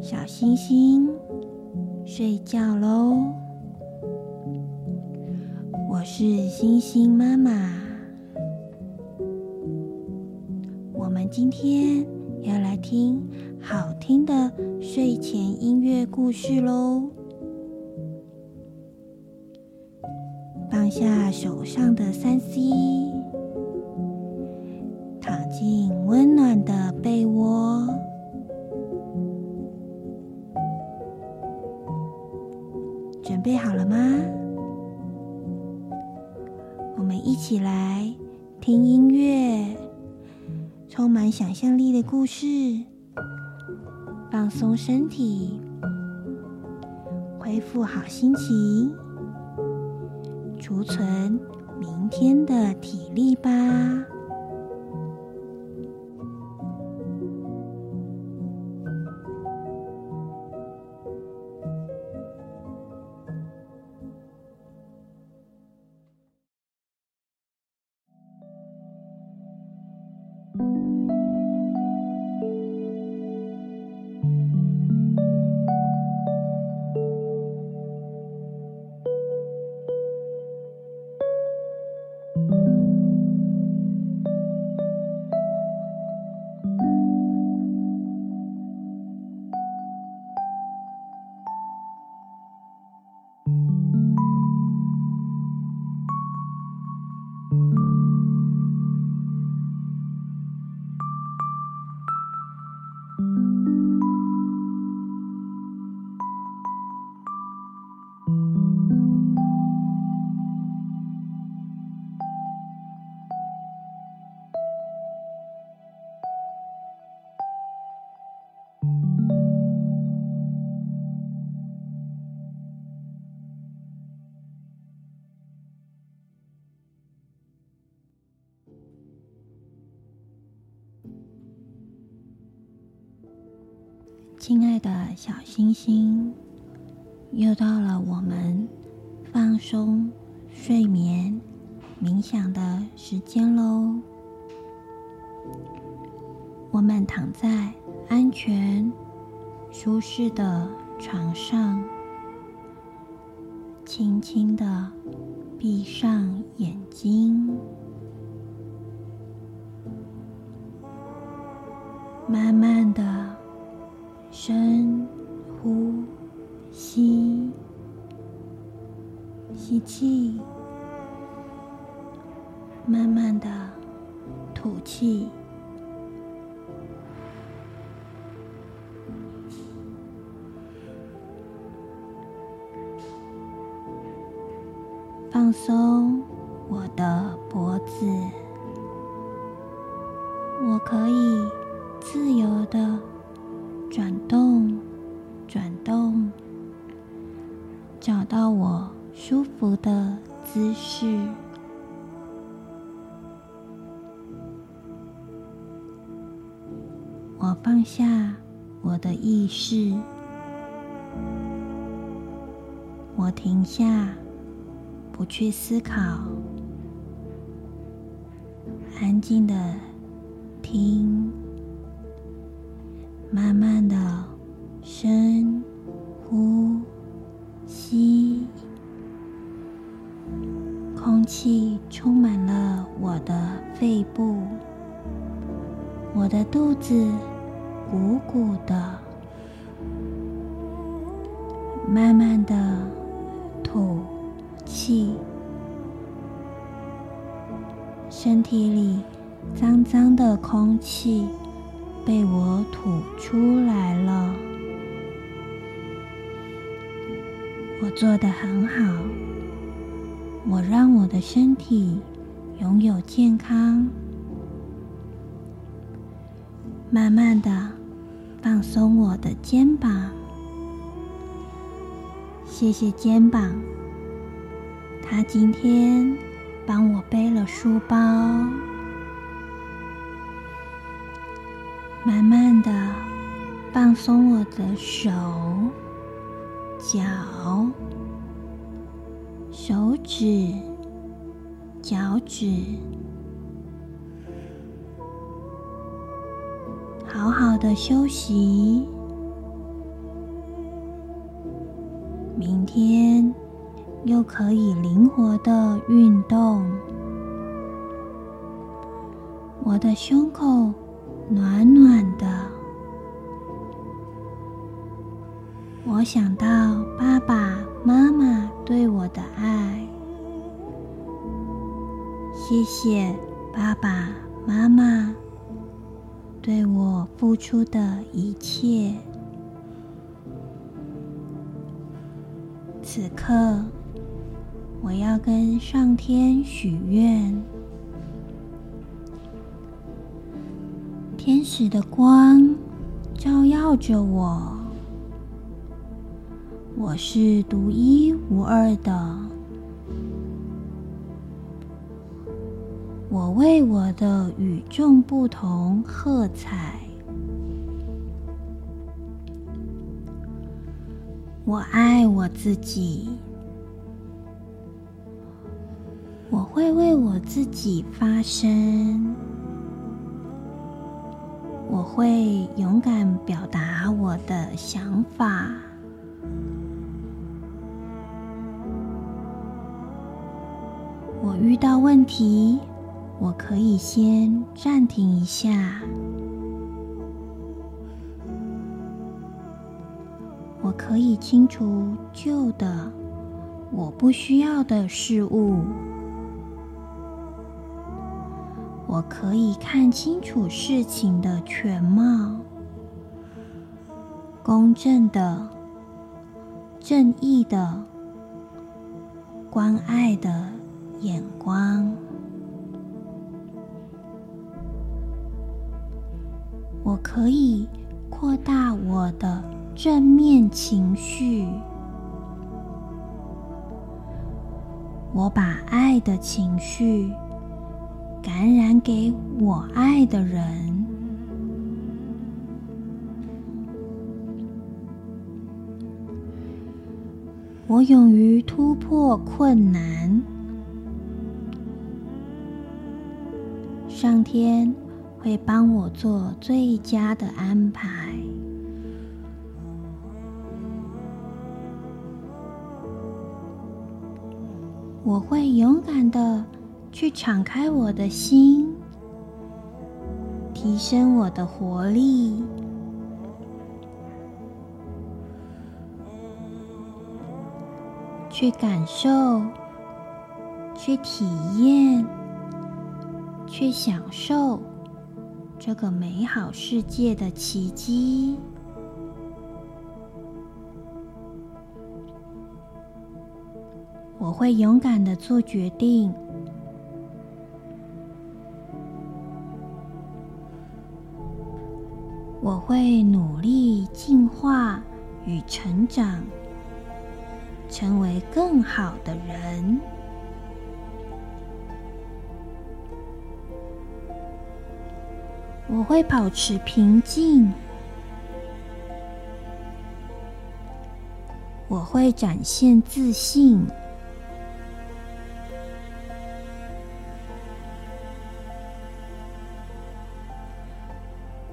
小星星，睡覺嘍！我是星星媽媽，我們今天要來聽好聽的睡前音樂故事嘍。下手上的 3C，躺進溫暖的被窩，準備好了嗎？我們一起來聽音樂，充滿想象力的故事，放鬆身體，恢復好心情。儲存明天的體力吧。小星星，又到了我們放鬆、睡眠、冥想的時間嘍。我們躺在安全、舒適的床上，輕輕的閉上眼睛，慢慢的。深呼吸，吸氣，慢慢的吐氣，放鬆我的脖子，我可以自由的。轉動，轉動，找到我舒服的姿勢。我放下我的意識，我停下，不去思考，安靜地聽。慢慢的深呼吸，空氣充滿了我的肺部，我的肚子鼓鼓的。慢慢的吐氣，身體裡髒髒的空氣。被我吐出來了。我做得很好，我讓我的身體擁有健康。慢慢地放鬆我的肩膀，謝謝肩膀，他今天幫我背了書包。慢慢的放鬆我的手腳、手指、腳趾，好好的休息，明天又可以靈活的運動。我的胸口。暖暖的，我想到爸爸媽媽對我的愛，謝謝爸爸媽媽對我付出的一切。此刻，我要跟上天許願。天使的光照耀着我，我是獨一無二的，我為我的與眾不同喝彩，我愛我自己，我會為我自己發聲。會勇敢表達我的想法。我遇到問題，我可以先暫停一下。我可以清除舊的、我不需要的事物。我可以看清楚事情的全貌，公正的、正義的、關愛的眼光。我可以擴大我的正面情緒，我把愛的情緒。感染給我愛的人，我勇於突破困難，上天會幫我做最佳的安排，我會勇敢的。去敞開我的心，提升我的活力，去感受，去體驗，去享受這個美好世界的奇蹟。我會勇敢地做決定。我會努力進化與成長，成為更好的人。我會保持平靜，我會展現自信。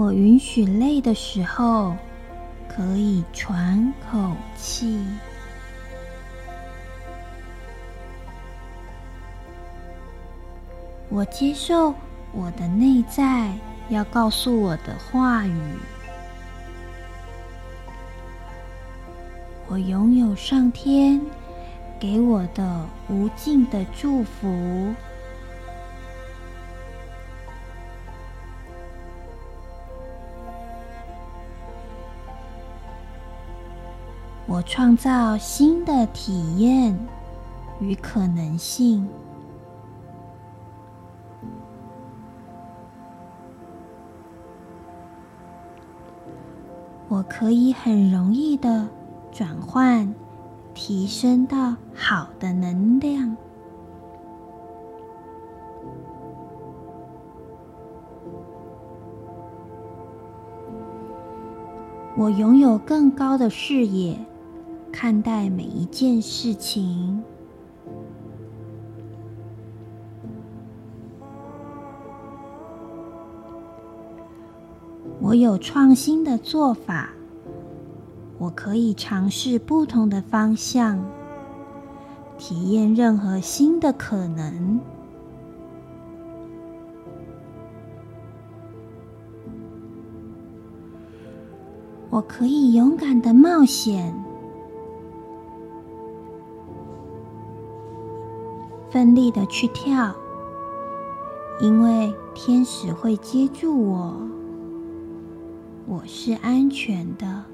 我允許累的時候可以喘口氣。我接受我的內在要告訴我的話語。我擁有上天給我的無盡的祝福。我創造新的體驗與可能性。我可以很容易的轉換，提升到好的能量。我擁有更高的視野。看待每一件事情，我有創新的做法，我可以嘗試不同的方向，體驗任何新的可能，我可以勇敢的冒險。奮力的去跳，因為天使會接住我，我是安全的。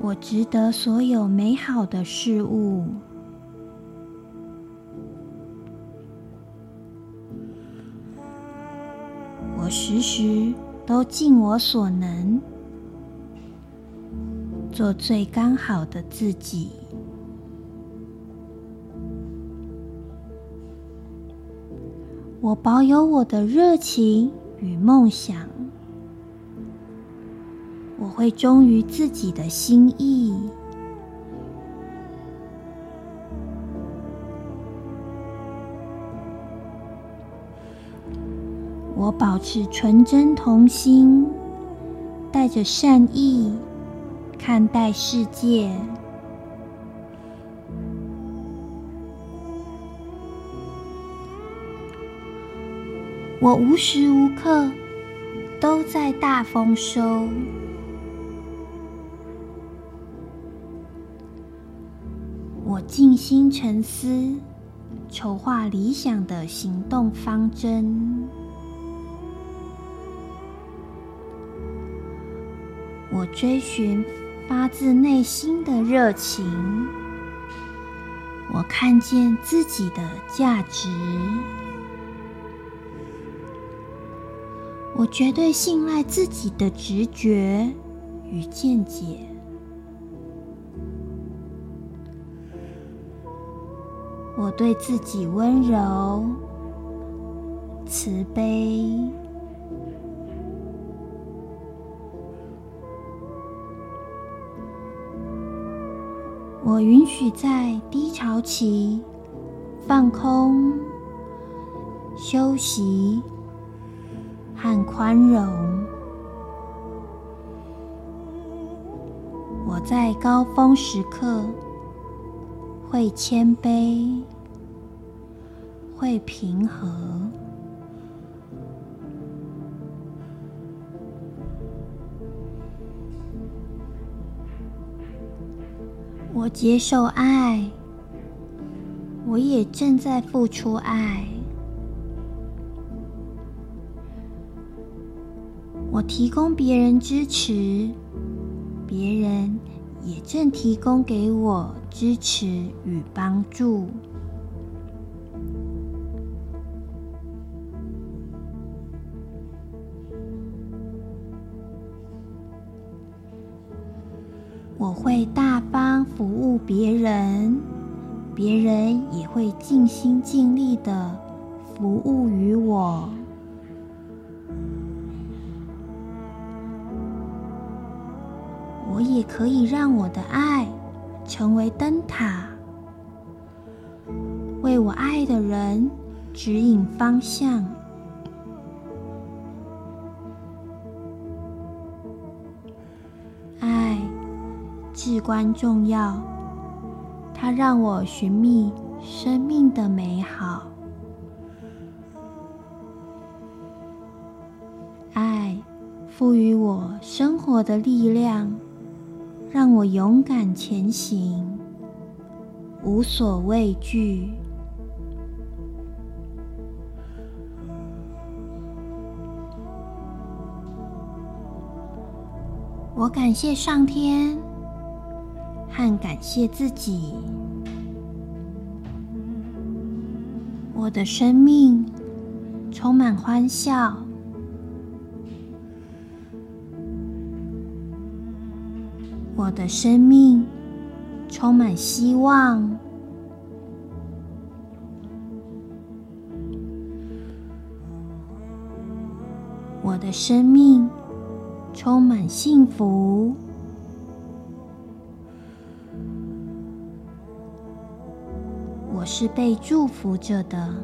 我值得所有美好的事物，我時時都盡我所能。做最剛好的自己。我保有我的熱情與夢想，我會忠於自己的心意。我保持純真童心，帶着善意。看待世界，我無時無刻都在大豐收。我靜心沉思，籌劃理想的行動方針。我追尋。發自內心的熱情，我看見自己的價值，我絕對信賴自己的直覺與見解，我對自己溫柔慈悲。我允許在低潮期放空、休息和寬容。我在高峰時刻會謙卑，會平和。我接受愛，我也正在付出愛。我提供別人支持，別人也正提供給我支持與幫助。會大方服務別人，別人也會盡心盡力的服務於我。我也可以讓我的愛成為燈塔，為我愛的人指引方向。至關重要，它讓我尋覓生命的美好。愛賦予我生活的力量，讓我勇敢前行，無所畏懼。我感謝上天。感謝自己，我的生命充滿歡笑，我的生命充滿希望，我的生命充滿幸福，是被祝福着的。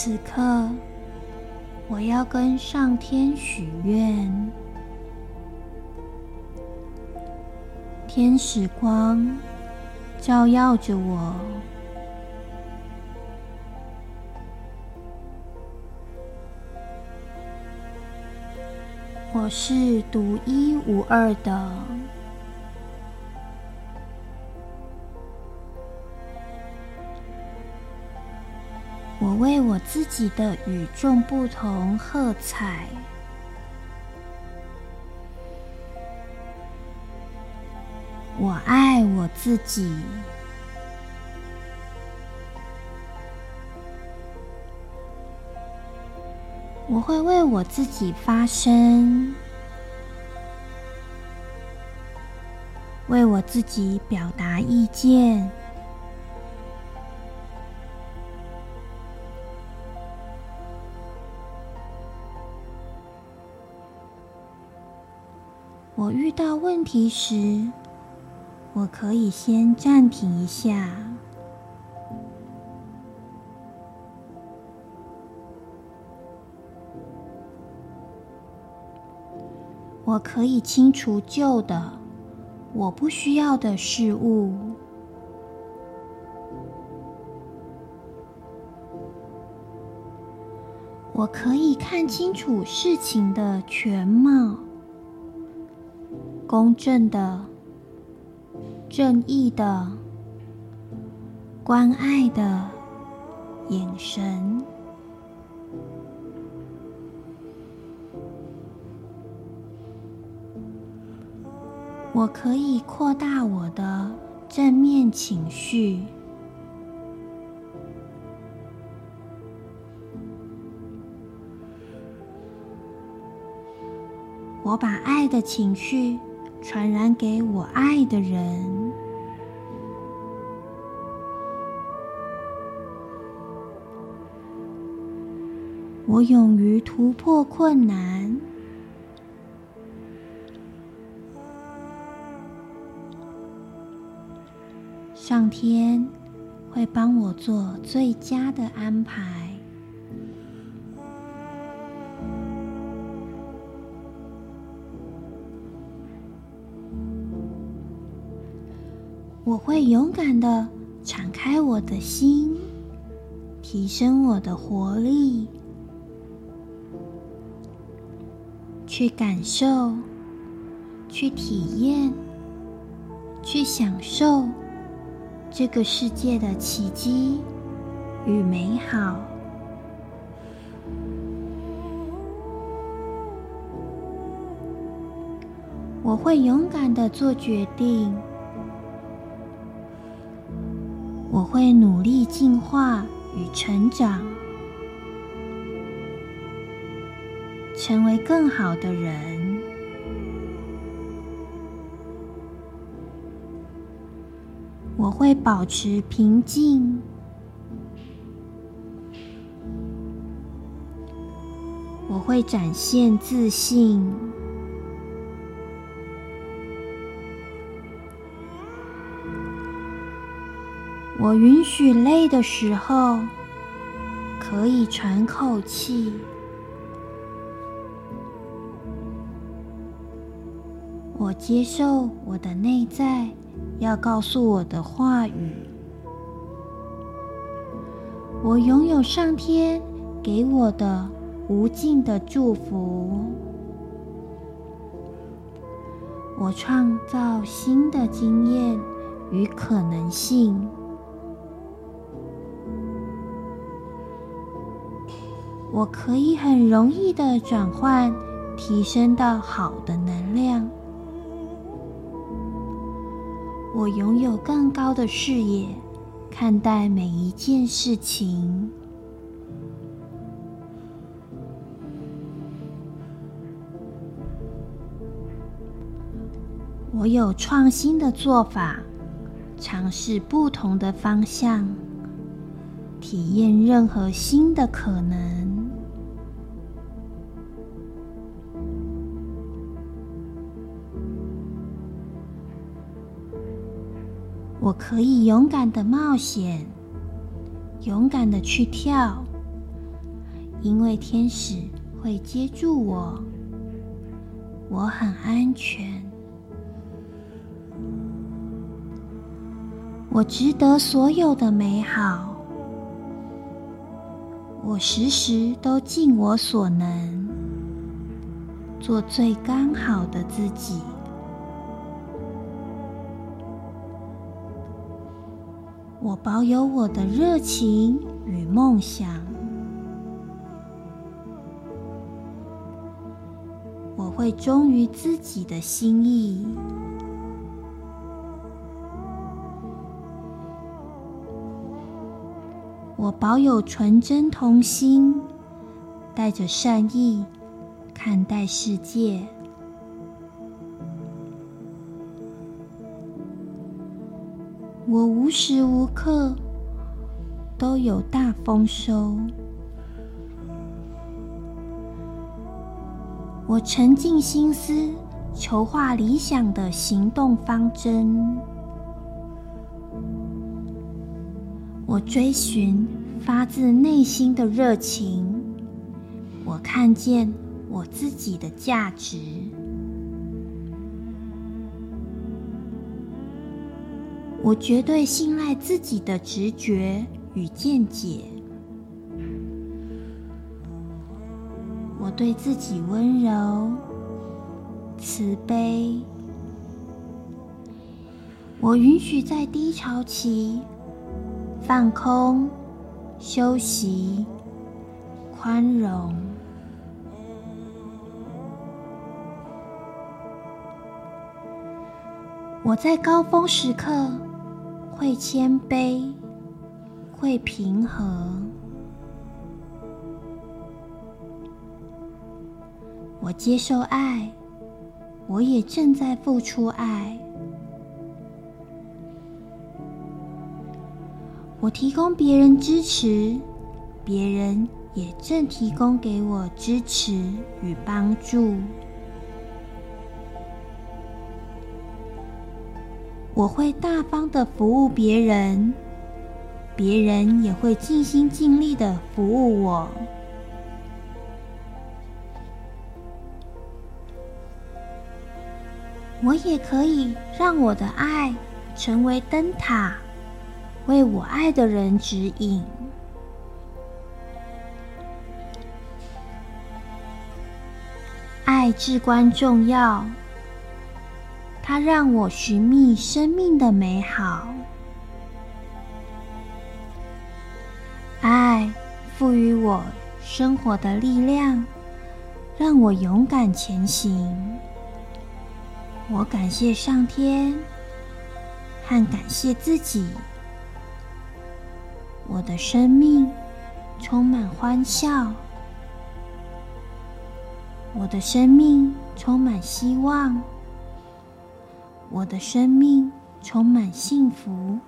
此刻，我要跟上天許願。天使光照耀着我，我是獨一無二的。我為我自己的與眾不同喝彩。我愛我自己。我會為我自己發聲，為我自己表達意見。我遇到問題時，我可以先暫停一下。我可以清除舊的、我不需要的事物。我可以看清楚事情的全貌。公正的、正義的、關愛的眼神，我可以擴大我的正面情緒。我把愛的情緒。傳染給我愛的人，我勇於突破困難，上天會幫我做最佳的安排。我會勇敢的敞開我的心，提升我的活力，去感受，去體驗，去享受這個世界的奇蹟與美好。我會勇敢的做決定。我會努力進化與成長，成為更好的人。我會保持平靜。我會展現自信。我允許累的時候可以喘口氣。我接受我的內在要告訴我的話語。我擁有上天給我的無盡的祝福。我創造新的經驗與可能性。我可以很容易的轉換，提升到好的能量。我擁有更高的視野，看待每一件事情。我有創新的做法，嘗試不同的方向，體驗任何新的可能。我可以勇敢的冒險，勇敢的去跳，因為天使會接住我，我很安全。我值得所有的美好，我時時都盡我所能，做最剛好的自己。我保有我的熱情與夢想，我會忠於自己的心意。我保有純真童心，帶着善意看待世界。時無刻都有大豐收。我沉靜心思，籌劃理想的行動方針。我追尋發自內心的熱情。我看見我自己的價值。我絕對信賴自己的直覺與見解。我對自己溫柔、慈悲。我允許在低潮期放空、休息、寬容。我在高峰時刻。會謙卑，會平和。我接受愛，我也正在付出愛。我提供別人支持，別人也正提供給我支持與幫助。我會大方的服務別人，別人也會盡心盡力的服務我。我也可以讓我的愛成為燈塔，為我愛的人指引。愛至關重要。它讓我尋覓生命的美好，愛賦予我生活的力量，讓我勇敢前行。我感謝上天，和感謝自己。我的生命充滿歡笑，我的生命充滿希望。我的生命充滿幸福，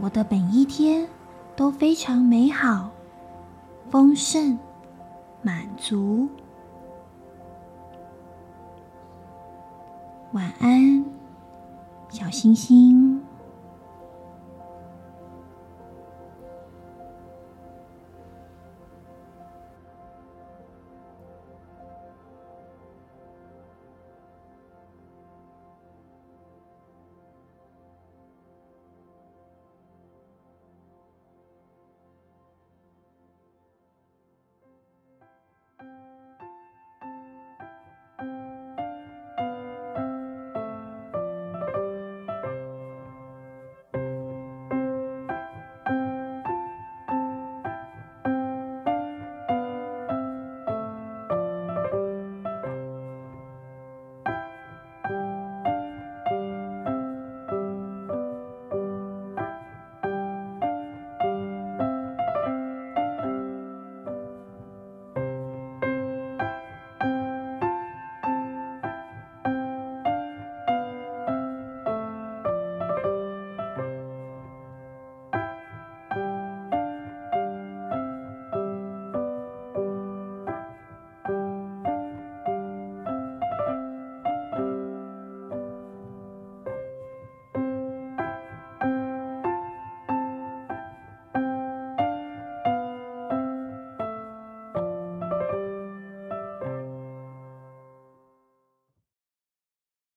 我的每一天都非常美好、豐盛、滿足。晚安，小星星。